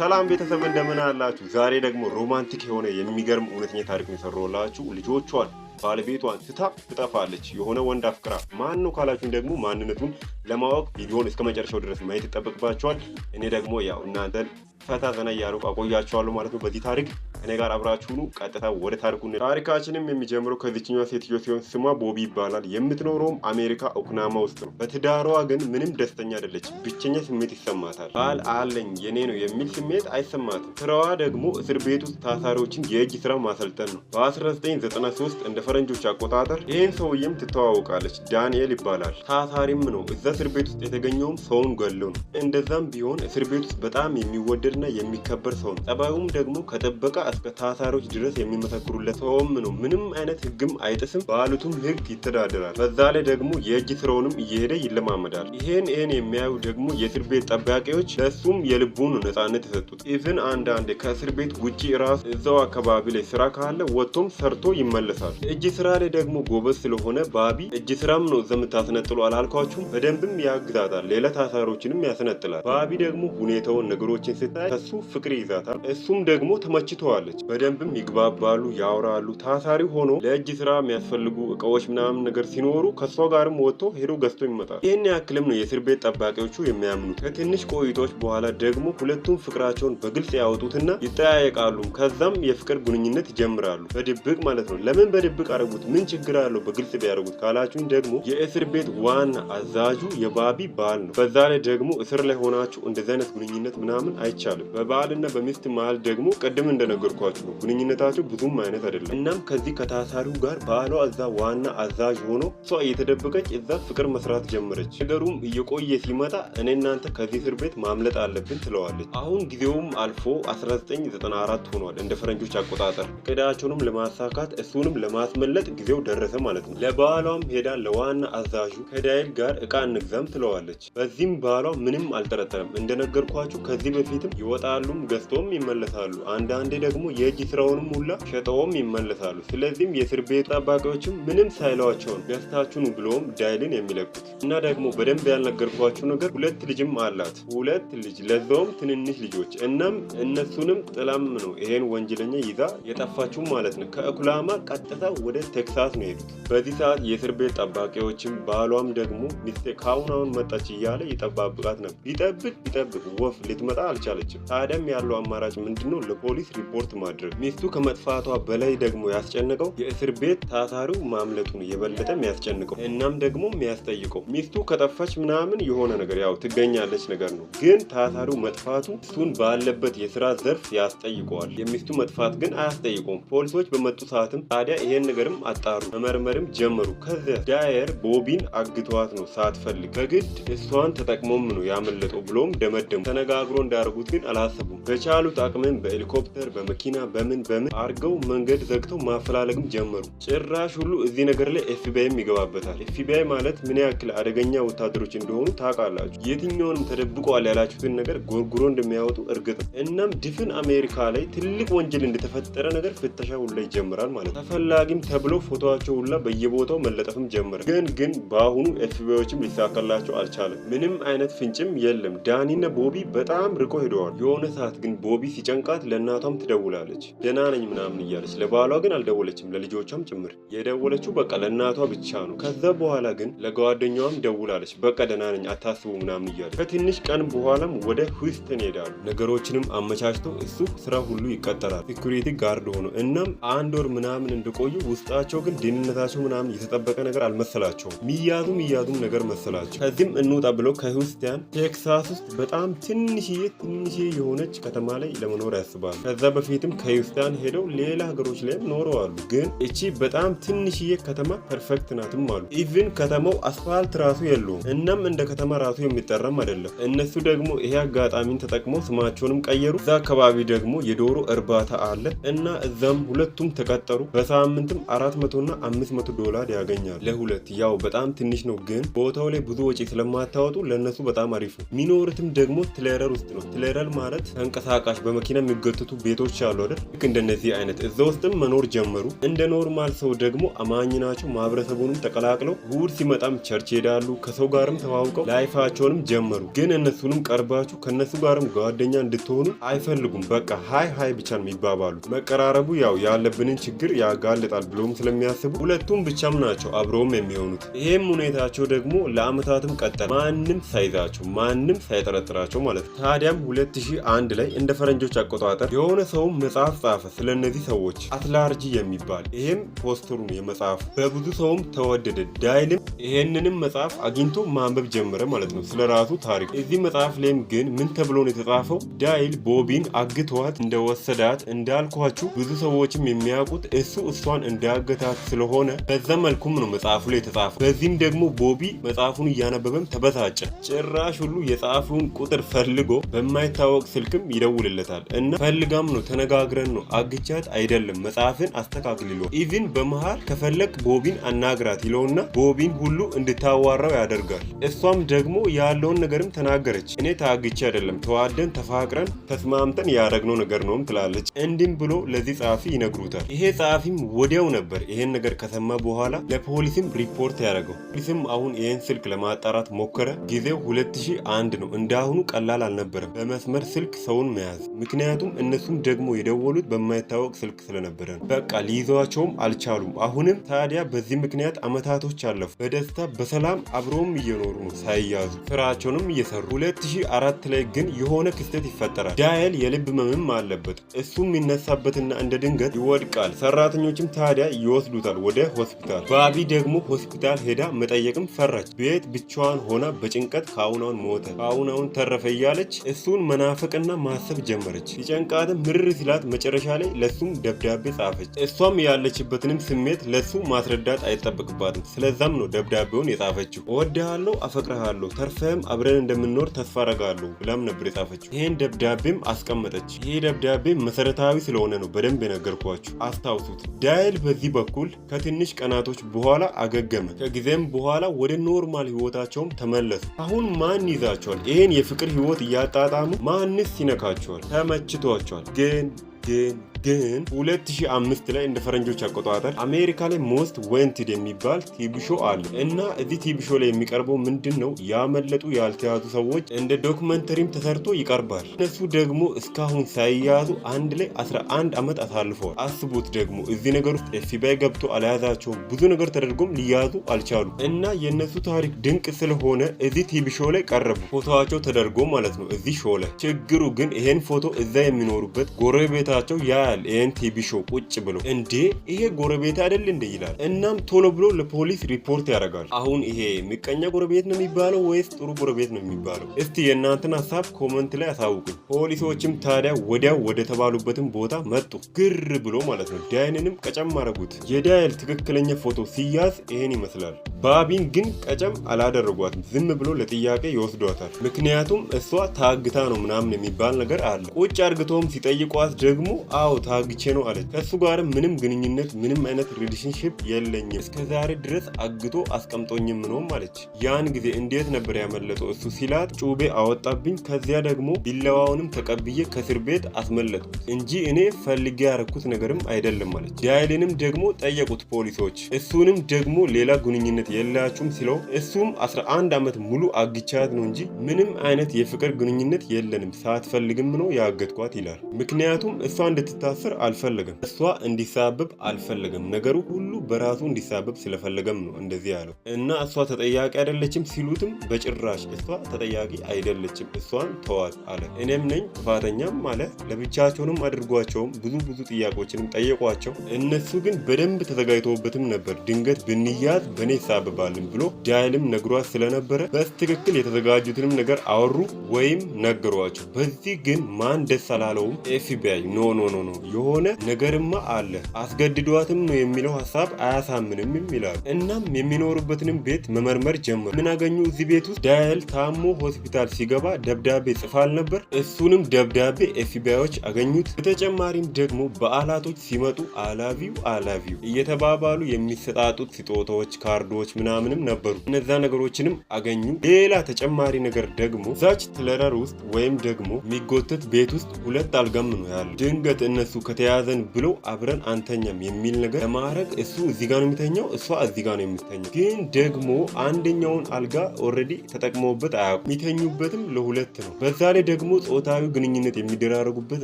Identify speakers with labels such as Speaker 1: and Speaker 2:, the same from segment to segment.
Speaker 1: ሰላም ቤተሰብ እንደምን አላችሁ? ዛሬ ደግሞ ሮማንቲክ የሆነ የሚገርም እውነተኛ ታሪክ ነው የሰራሁላችሁ። ልጆቿን ባለቤቷን ትታ ትጠፋለች። የሆነ ወንድ አፍቅራ ማን ነው ካላችሁን ደግሞ ማንነቱን ለማወቅ ቪዲዮን እስከ መጨረሻው ድረስ ማየት ይጠበቅባቸዋል። እኔ ደግሞ ያው እናንተን ፈታ ዘና እያልኩ አቆያቸዋለሁ ማለት ነው በዚህ ታሪክ እኔ ጋር አብራችሁ ኑ። ቀጥታ ወደ ታሪኩ ታሪካችንም የሚጀምረው ከዚችኛ ሴትዮ ሲሆን ስሟ ቦቢ ይባላል። የምትኖረውም አሜሪካ ኦክናማ ውስጥ ነው። በትዳሯ ግን ምንም ደስተኛ አይደለች። ብቸኛ ስሜት ይሰማታል። ባል አለኝ የኔ ነው የሚል ስሜት አይሰማትም። ስራዋ ደግሞ እስር ቤት ውስጥ ታሳሪዎችን የእጅ ስራ ማሰልጠን ነው። በ1993 እንደ ፈረንጆች አቆጣጠር ይህን ሰውዬም ትተዋወቃለች። ዳንኤል ይባላል። ታሳሪም ነው። እዛ እስር ቤት ውስጥ የተገኘውም ሰውን ገሎ ነው። እንደዛም ቢሆን እስር ቤት ውስጥ በጣም የሚወደድና የሚከበር ሰው ነው። ጸባዩም ደግሞ ከጠበቀ እስከ ታታሪዎች ድረስ የሚመሰክሩለት ሰውም ነው። ምንም አይነት ህግም አይጥስም፣ ባሉትም ህግ ይተዳደራል። በዛ ላይ ደግሞ የእጅ ስራውንም እየሄደ ይለማመዳል። ይሄን ይሄን የሚያዩ ደግሞ የእስር ቤት ጠባቂዎች ለሱም የልቡን ነጻነት የሰጡት። ኢቭን አንዳንድ ከእስር ቤት ውጭ ራሱ እዛው አካባቢ ላይ ስራ ካለ ወጥቶም ሰርቶ ይመለሳል። እጅ ስራ ላይ ደግሞ ጎበዝ ስለሆነ ባቢ እጅ ስራም ነው ዘምታስነጥሎ አላልኳችሁም? በደንብም ያግዛታል። ሌላ ታሳሪዎችንም ያስነጥላል። ባቢ ደግሞ ሁኔታውን ነገሮችን ስታይ ከሱ ፍቅር ይዛታል። እሱም ደግሞ ተመችተዋል። ትወደዋለች። በደንብም ይግባባሉ፣ ያወራሉ። ታሳሪ ሆኖ ለእጅ ስራ የሚያስፈልጉ እቃዎች ምናምን ነገር ሲኖሩ ከእሷ ጋርም ወጥቶ ሄዶ ገዝቶ ይመጣል። ይህን ያክልም ነው የእስር ቤት ጠባቂዎቹ የሚያምኑት። ከትንሽ ቆይቶች በኋላ ደግሞ ሁለቱም ፍቅራቸውን በግልጽ ያወጡትና ይጠያየቃሉ። ከዛም የፍቅር ግንኙነት ይጀምራሉ፣ በድብቅ ማለት ነው። ለምን በድብቅ አረጉት? ምን ችግር አለው በግልጽ ቢያደርጉት ካላችሁኝ ደግሞ የእስር ቤት ዋና አዛዡ የባቢ ባል ነው። በዛ ላይ ደግሞ እስር ላይ ሆናችሁ እንደዚህ አይነት ግንኙነት ምናምን አይቻልም። በባልና በሚስት መሀል ደግሞ ቅድም እንደነገሩ እንደነገርኳችሁ ነው። ግንኙነታቸው ብዙም አይነት አይደለም። እናም ከዚህ ከታሳሪው ጋር ባሏ እዛ ዋና አዛዥ ሆኖ እሷ እየተደበቀች እዛ ፍቅር መስራት ጀመረች። ነገሩም እየቆየ ሲመጣ እኔ እናንተ ከዚህ እስር ቤት ማምለጥ አለብን ትለዋለች። አሁን ጊዜውም አልፎ 1994 ሆኗል እንደ ፈረንጆች አቆጣጠር። ቅዳቸውንም ለማሳካት እሱንም ለማስመለጥ ጊዜው ደረሰ ማለት ነው። ለባሏም ሄዳ ለዋና አዛዡ ከዳይል ጋር እቃ እንግዛም ትለዋለች። በዚህም ባሏ ምንም አልጠረጠረም። እንደነገርኳችሁ ከዚህ በፊትም ይወጣሉም ገዝቶም ይመለሳሉ። አንዳንዴ ደግሞ ደግሞ የእጅ ስራውንም ሁላ ሸጠውም ይመለሳሉ። ስለዚህም የእስር ቤት ጠባቂዎችም ምንም ሳይለዋቸውን ቢያስታችኑ ብለውም ዳይልን የሚለቁት እና ደግሞ በደንብ ያልነገርኳቸው ነገር ሁለት ልጅም አላት። ሁለት ልጅ ለዛውም ትንንሽ ልጆች። እናም እነሱንም ጥላም ነው ይሄን ወንጀለኛ ይዛ የጠፋችው ማለት ነው። ከኦክላማ ቀጥታ ወደ ቴክሳስ ነው የሄዱት። በዚህ ሰዓት የእስር ቤት ጠባቂዎችም ባሏም ደግሞ ሚስቴ ከአሁን አሁን መጣች እያለ ይጠባብቃት ነበር። ቢጠብቅ ቢጠብቅ ወፍ ልትመጣ አልቻለችም። ታዲያም ያለው አማራጭ ምንድነው? ለፖሊስ ሪፖርት ሪፖርት ማድረግ። ሚስቱ ከመጥፋቷ በላይ ደግሞ ያስጨንቀው የእስር ቤት ታሳሪው ማምለጡን የበለጠ የሚያስጨንቀው እናም ደግሞ የሚያስጠይቀው ሚስቱ ከጠፋች ምናምን የሆነ ነገር ያው ትገኛለች ነገር ነው። ግን ታሳሪው መጥፋቱ እሱን ባለበት የስራ ዘርፍ ያስጠይቀዋል። የሚስቱ መጥፋት ግን አያስጠይቀውም። ፖሊሶች በመጡ ሰዓትም ታዲያ ይሄን ነገርም አጣሩ፣ መመርመርም ጀመሩ። ከዚያ ዳየር ቦቢን አግተዋት ነው ሳትፈልግ በግድ እሷን ተጠቅሞም ነው ያመለጠው ብሎም ደመደሙ። ተነጋግሮ እንዳደረጉት ግን አላሰቡም። በቻሉት አቅምም በሄሊኮፕተር መኪና በምን በምን አርገው መንገድ ዘግተው ማፈላለግም ጀመሩ። ጭራሽ ሁሉ እዚህ ነገር ላይ ኤፍቢአይም ይገባበታል። ኤፍቢአይ ማለት ምን ያክል አደገኛ ወታደሮች እንደሆኑ ታውቃላችሁ። የትኛውንም ተደብቀዋል ያላችሁትን ነገር ጎርጉሮ እንደሚያወጡ እርግጥ ነው። እናም ድፍን አሜሪካ ላይ ትልቅ ወንጀል እንደተፈጠረ ነገር ፍተሻ ሁላ ይጀምራል ማለት ነው። ተፈላጊም ተብሎ ፎቶቸው ሁላ በየቦታው መለጠፍም ጀመረ። ግን ግን በአሁኑ ኤፍቢአዮችም ሊሳካላቸው አልቻለም። ምንም አይነት ፍንጭም የለም። ዳኒና ቦቢ በጣም ርቆ ሄደዋል። የሆነ ሰዓት ግን ቦቢ ሲጨንቃት ለእናቷም ትደ ደውላለች። ደህና ነኝ ምናምን እያለች ለባሏ ግን አልደወለችም፣ ለልጆቿም ጭምር የደወለችው በቃ ለእናቷ ብቻ ነው። ከዛ በኋላ ግን ለጓደኛዋም ደውላለች። በቃ ደህና ነኝ አታስቡ ምናምን እያለች ከትንሽ ቀን በኋላም ወደ ሁስተን ይሄዳሉ። ነገሮችንም አመቻችቶ እሱ ስራ ሁሉ ይቀጠራል፣ ሴኩሪቲ ጋርድ ሆኖ እናም አንድ ወር ምናምን እንደቆዩ ውስጣቸው ግን ደህንነታቸው ምናምን የተጠበቀ ነገር አልመሰላቸውም። ሚያዙ ሚያዙም ነገር መሰላቸው። ከዚህም እንውጣ ብለው ከሁስተን ቴክሳስ ውስጥ በጣም ትንሽዬ ትንሽዬ የሆነች ከተማ ላይ ለመኖር ያስባሉ። ከዛ በፊት በፊትም ከዩፍታን ሄደው ሌላ ሀገሮች ላይም ኖረዋሉ። ግን እቺ በጣም ትንሽዬ ከተማ ፐርፌክት ናትም አሉ። ኢቭን ከተማው አስፋልት ራሱ የለውም። እናም እንደ ከተማ ራሱ የሚጠራም አይደለም። እነሱ ደግሞ ይሄ አጋጣሚን ተጠቅመው ስማቸውንም ቀየሩ። እዛ አካባቢ ደግሞ የዶሮ እርባታ አለ እና እዛም ሁለቱም ተቀጠሩ። በሳምንትም አራት መቶና አምስት መቶ ዶላር ያገኛሉ ለሁለት። ያው በጣም ትንሽ ነው፣ ግን ቦታው ላይ ብዙ ወጪ ስለማታወጡ ለእነሱ በጣም አሪፍ ነው። ሚኖርትም ደግሞ ትሌረር ውስጥ ነው። ትሌረር ማለት ተንቀሳቃሽ በመኪና የሚገትቱ ቤቶች ይቻሉ አይደል? ልክ እንደነዚህ አይነት እዛ ውስጥም መኖር ጀመሩ። እንደ ኖርማል ሰው ደግሞ አማኝ ናቸው። ማህበረሰቡንም ተቀላቅለው እሑድ ሲመጣም ቸርች ሄዳሉ። ከሰው ጋርም ተዋውቀው ላይፋቸውንም ጀመሩ። ግን እነሱንም ቀርባችሁ ከእነሱ ጋርም ጓደኛ እንድትሆኑ አይፈልጉም። በቃ ሀይ ሀይ ብቻ ነው ይባባሉ። መቀራረቡ ያው ያለብንን ችግር ያጋልጣል ብሎም ስለሚያስቡ ሁለቱም ብቻም ናቸው አብረውም የሚሆኑት። ይህም ሁኔታቸው ደግሞ ለአመታትም ቀጠለ። ማንም ሳይዛቸው ማንም ሳይጠረጥራቸው ማለት ነው። ታዲያም 2001 ላይ እንደ ፈረንጆች አቆጣጠር የሆነ ሰው መጽሐፍ ጻፈ። ስለ እነዚህ ሰዎች አትላርጂ የሚባል ይሄም ፖስተሩ ነው የመጽሐፉ። በብዙ ሰውም ተወደደ። ዳይልም ይሄንንም መጽሐፍ አግኝቶ ማንበብ ጀመረ ማለት ነው፣ ስለ ራሱ ታሪክ። እዚህ መጽሐፍ ላይም ግን ምን ተብሎ ነው የተጻፈው? ዳይል ቦቢን አግተዋት እንደወሰዳት እንዳልኳችሁ ብዙ ሰዎችም የሚያውቁት እሱ እሷን እንዳገታት ስለሆነ በዛ መልኩም ነው መጽሐፉ ላይ የተጻፈው። በዚህም ደግሞ ቦቢ መጽሐፉን እያነበበም ተበሳጨ። ጭራሽ ሁሉ የጸሐፊውን ቁጥር ፈልጎ በማይታወቅ ስልክም ይደውልለታል እና ፈልጋም ነው ተነጋግረን ነው አግቻት አይደለም መጽሐፍን አስተካክል ይለው ኢቭን በመሃል ከፈለግ ቦቢን አናግራት ይለውና ቦቢን ሁሉ እንድታዋራው ያደርጋል። እሷም ደግሞ ያለውን ነገርም ተናገረች። እኔ ታግቼ አይደለም ተዋደን ተፋቅረን ተስማምተን ያደረግነው ነገር ነውም ትላለች። እንዲም ብሎ ለዚህ ጸሐፊ ይነግሩታል። ይሄ ጸሐፊም ወዲያው ነበር ይሄን ነገር ከሰማ በኋላ ለፖሊስም ሪፖርት ያደረገው። ፖሊስም አሁን ይህን ስልክ ለማጣራት ሞከረ። ጊዜው 2001 ነው። እንዳሁኑ ቀላል አልነበረም በመስመር ስልክ ሰውን መያዝ። ምክንያቱም እነሱም ደግሞ የደወሉት በማይታወቅ ስልክ ስለነበረ ነው። በቃ ሊይዘዋቸውም አልቻሉም። አሁንም ታዲያ በዚህ ምክንያት አመታቶች አለፉ። በደስታ በሰላም አብረውም እየኖሩ ነው ሳይያዙ፣ ስራቸውንም እየሰሩ 2004 ላይ ግን የሆነ ክስተት ይፈጠራል። ዳያል የልብ መምም አለበት። እሱም ይነሳበትና እንደ ድንገት ይወድቃል። ሰራተኞችም ታዲያ ይወስዱታል ወደ ሆስፒታል። ባቢ ደግሞ ሆስፒታል ሄዳ መጠየቅም ፈራች። ቤት ብቻዋን ሆና በጭንቀት ካሁናውን ሞተ ካሁናውን ተረፈ እያለች እሱን መናፈቅና ማሰብ ጀመረች። ሲጨንቃትም ምርር ሲላት መጨረሻ ላይ ለሱም ደብዳቤ ጻፈች። እሷም ያለችበትንም ስሜት ለሱ ማስረዳት አይጠበቅባትም። ስለዛም ነው ደብዳቤውን የጻፈችው። እወድሃለሁ፣ አፈቅረሃለሁ፣ ተርፈህም አብረን እንደምንኖር ተስፋ አረጋለሁ ብላም ነበር የጻፈችው። ይህን ደብዳቤም አስቀመጠች። ይህ ደብዳቤ መሰረታዊ ስለሆነ ነው በደንብ የነገርኳችሁ፣ አስታውሱት። ዳይል በዚህ በኩል ከትንሽ ቀናቶች በኋላ አገገመ። ከጊዜም በኋላ ወደ ኖርማል ህይወታቸውም ተመለሱ። አሁን ማን ይዛቸዋል? ይህን የፍቅር ህይወት እያጣጣሙ ማንስ ይነካቸዋል? ተመችቷቸዋል ግን porque ግን 2005 ላይ እንደ ፈረንጆች አቆጣጠር አሜሪካ ላይ ሞስት ወንትድ የሚባል ቲቪ ሾ አለ እና እዚህ ቲቪ ሾ ላይ የሚቀርበው ምንድን ነው ያመለጡ ያልተያዙ ሰዎች እንደ ዶክመንተሪም ተሰርቶ ይቀርባል። እነሱ ደግሞ እስካሁን ሳይያዙ አንድ ላይ 11 ዓመት አሳልፈዋል። አስቡት ደግሞ እዚህ ነገር ውስጥ ኤፍቢአይ ገብቶ አልያዛቸው ብዙ ነገር ተደርጎም ሊያዙ አልቻሉ እና የእነሱ ታሪክ ድንቅ ስለሆነ እዚህ ቲቪ ሾ ላይ ቀረቡ። ፎቶቸው ተደርጎ ማለት ነው እዚህ ሾ ላይ። ችግሩ ግን ይሄን ፎቶ እዛ የሚኖሩበት ጎረቤታቸው ያ ያያል ይህን ቲቪ ሾው ቁጭ ብሎ እንዴ ይሄ ጎረቤት አይደል እንደ ይላል። እናም ቶሎ ብሎ ለፖሊስ ሪፖርት ያደርጋል። አሁን ይሄ ምቀኛ ጎረቤት ነው የሚባለው ወይስ ጥሩ ጎረቤት ነው የሚባለው? እስቲ የእናንተን ሀሳብ ኮመንት ላይ አሳውቁኝ። ፖሊሶችም ታዲያ ወዲያው ወደ ተባሉበትም ቦታ መጡ። ግር ብሎ ማለት ነው። ዳይንንም ቀጨም አረጉት። የዳይል ትክክለኛ ፎቶ ሲያዝ ይሄን ይመስላል። ባቢን ግን ቀጨም አላደረጓትም። ዝም ብሎ ለጥያቄ ይወስዷታል። ምክንያቱም እሷ ታግታ ነው ምናምን የሚባል ነገር አለ። ቁጭ አርግቶም ሲጠይቋት ደግሞ አዎ ታግቼ ነው አለች። ከእሱ ጋር ምንም ግንኙነት ምንም አይነት ሪሌሽንሽፕ የለኝም እስከ ዛሬ ድረስ አግቶ አስቀምጦኝም ነው አለች። ያን ጊዜ እንዴት ነበር ያመለጠው እሱ ሲላት ጩቤ አወጣብኝ፣ ከዚያ ደግሞ ቢለዋውንም ተቀብዬ ከእስር ቤት አስመለጥኩት እንጂ እኔ ፈልጌ ያረኩት ነገርም አይደለም አለች። ዳይልንም ደግሞ ጠየቁት ፖሊሶች። እሱንም ደግሞ ሌላ ግንኙነት የላችሁም ሲለው እሱም 11 ዓመት ሙሉ አግቻት ነው እንጂ ምንም አይነት የፍቅር ግንኙነት የለንም ሳትፈልግም ነው ያገትኳት ይላል። ምክንያቱም እሷ እንድትታ እንዲያስተሳስር አልፈለገም። እሷ እንዲሳበብ አልፈለገም። ነገሩ ሁሉ በራሱ እንዲሳበብ ስለፈለገም ነው እንደዚህ ያለው እና እሷ ተጠያቂ አይደለችም ሲሉትም በጭራሽ እሷ ተጠያቂ አይደለችም፣ እሷን ተዋት አለ። እኔም ነኝ ጥፋተኛም አለ። ለብቻቸውንም አድርጓቸውም ብዙ ብዙ ጥያቄዎችንም ጠየቋቸው። እነሱ ግን በደንብ ተዘጋጅተውበትም ነበር። ድንገት ብንያዝ በእኔ ይሳብባልን ብሎ ዳይልም ነግሯት ስለነበረ በትክክል የተዘጋጁትንም ነገር አወሩ ወይም ነገሯቸው። በዚህ ግን ማን ደስ አላለውም። ኤፍቢአይ ኖ ኖ ኖ ኖ የሆነ ነገርማ አለ አስገድዷትም ነው የሚለው ሀሳብ አያሳምንም ይላሉ። እናም የሚኖሩበትንም ቤት መመርመር ጀመሩ። ምን አገኙ? እዚህ ቤት ውስጥ ዳያል ታሞ ሆስፒታል ሲገባ ደብዳቤ ጽፋል ነበር። እሱንም ደብዳቤ ኤፍቢአዮች አገኙት። በተጨማሪም ደግሞ በዓላቶች ሲመጡ አላቪው አላቪው እየተባባሉ የሚሰጣጡት ስጦታዎች፣ ካርዶች ምናምንም ነበሩ። እነዛ ነገሮችንም አገኙ። ሌላ ተጨማሪ ነገር ደግሞ ዛች ትለረር ውስጥ ወይም ደግሞ የሚጎተት ቤት ውስጥ ሁለት አልጋም ነው ያሉ። ድንገት እነሱ እሱ ከተያዘን ብሎ አብረን አንተኛም የሚል ነገር ለማድረግ እሱ እዚህ ጋር ነው የሚተኛው፣ እሷ እዚህ ጋር ነው የምትተኛው። ግን ደግሞ አንደኛውን አልጋ ኦልሬዲ ተጠቅመውበት አያውቁም። የሚተኙበትም ለሁለት ነው። በዛ ላይ ደግሞ ጾታዊ ግንኙነት የሚደራረጉበት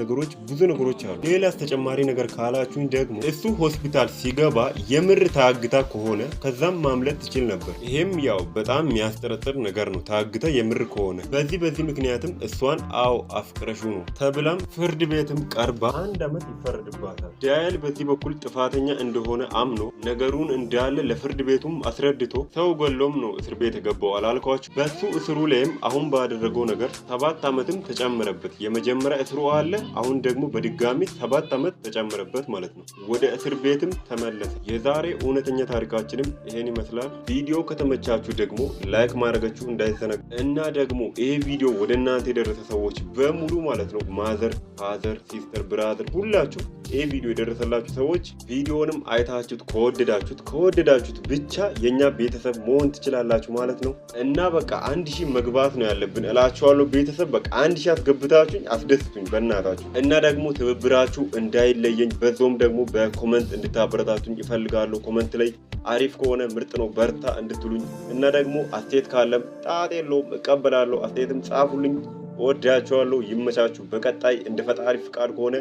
Speaker 1: ነገሮች ብዙ ነገሮች አሉ። ሌላስ ተጨማሪ ነገር ካላችሁኝ ደግሞ እሱ ሆስፒታል ሲገባ የምር ታግታ ከሆነ ከዛም ማምለጥ ትችል ነበር። ይሄም ያው በጣም የሚያስጠረጥር ነገር ነው። ታግታ የምር ከሆነ በዚህ በዚህ ምክንያትም እሷን አዎ አፍቅረሹ ነው ተብላም ፍርድ ቤትም ቀርባ አንድ ዓመት ይፈረድባታል። ዳያል በዚህ በኩል ጥፋተኛ እንደሆነ አምኖ ነገሩን እንዳለ ለፍርድ ቤቱም አስረድቶ ሰው ገሎም ነው እስር ቤት የገባው አላልኳቸው። በሱ እስሩ ላይም አሁን ባደረገው ነገር ሰባት ዓመትም ተጨመረበት። የመጀመሪያ እስሩ አለ፣ አሁን ደግሞ በድጋሚ ሰባት ዓመት ተጨመረበት ማለት ነው። ወደ እስር ቤትም ተመለሰ። የዛሬ እውነተኛ ታሪካችንም ይሄን ይመስላል። ቪዲዮ ከተመቻችሁ ደግሞ ላይክ ማድረጋችሁ እንዳይዘነጋ እና ደግሞ ይሄ ቪዲዮ ወደ እናንተ የደረሰ ሰዎች በሙሉ ማለት ነው ማዘር፣ ፋዘር፣ ሲስተር፣ ብራዘር ሁላችሁ ይህ ቪዲዮ የደረሰላችሁ ሰዎች ቪዲዮንም አይታችሁት ከወደዳችሁት ከወደዳችሁት ብቻ የእኛ ቤተሰብ መሆን ትችላላችሁ ማለት ነው እና በቃ አንድ ሺህ መግባት ነው ያለብን እላችኋለሁ። ቤተሰብ በቃ አንድ ሺህ አስገብታችሁኝ አስደስቱኝ በእናታችሁ እና ደግሞ ትብብራችሁ እንዳይለየኝ፣ በዛውም ደግሞ በኮመንት እንድታበረታቱኝ ይፈልጋለሁ። ኮመንት ላይ አሪፍ ከሆነ ምርጥ ነው በርታ እንድትሉኝ እና ደግሞ አስተያየት ካለም ጣጥ የለውም እቀበላለሁ። አስተያየትም ጻፉልኝ። እወዳቸዋለሁ። ይመቻችሁ። በቀጣይ እንደ ፈጣሪ ፍቃድ ከሆነ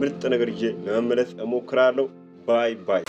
Speaker 1: ምርጥ ነገር ይዤ ለመመለስ እሞክራለሁ። ባይ ባይ።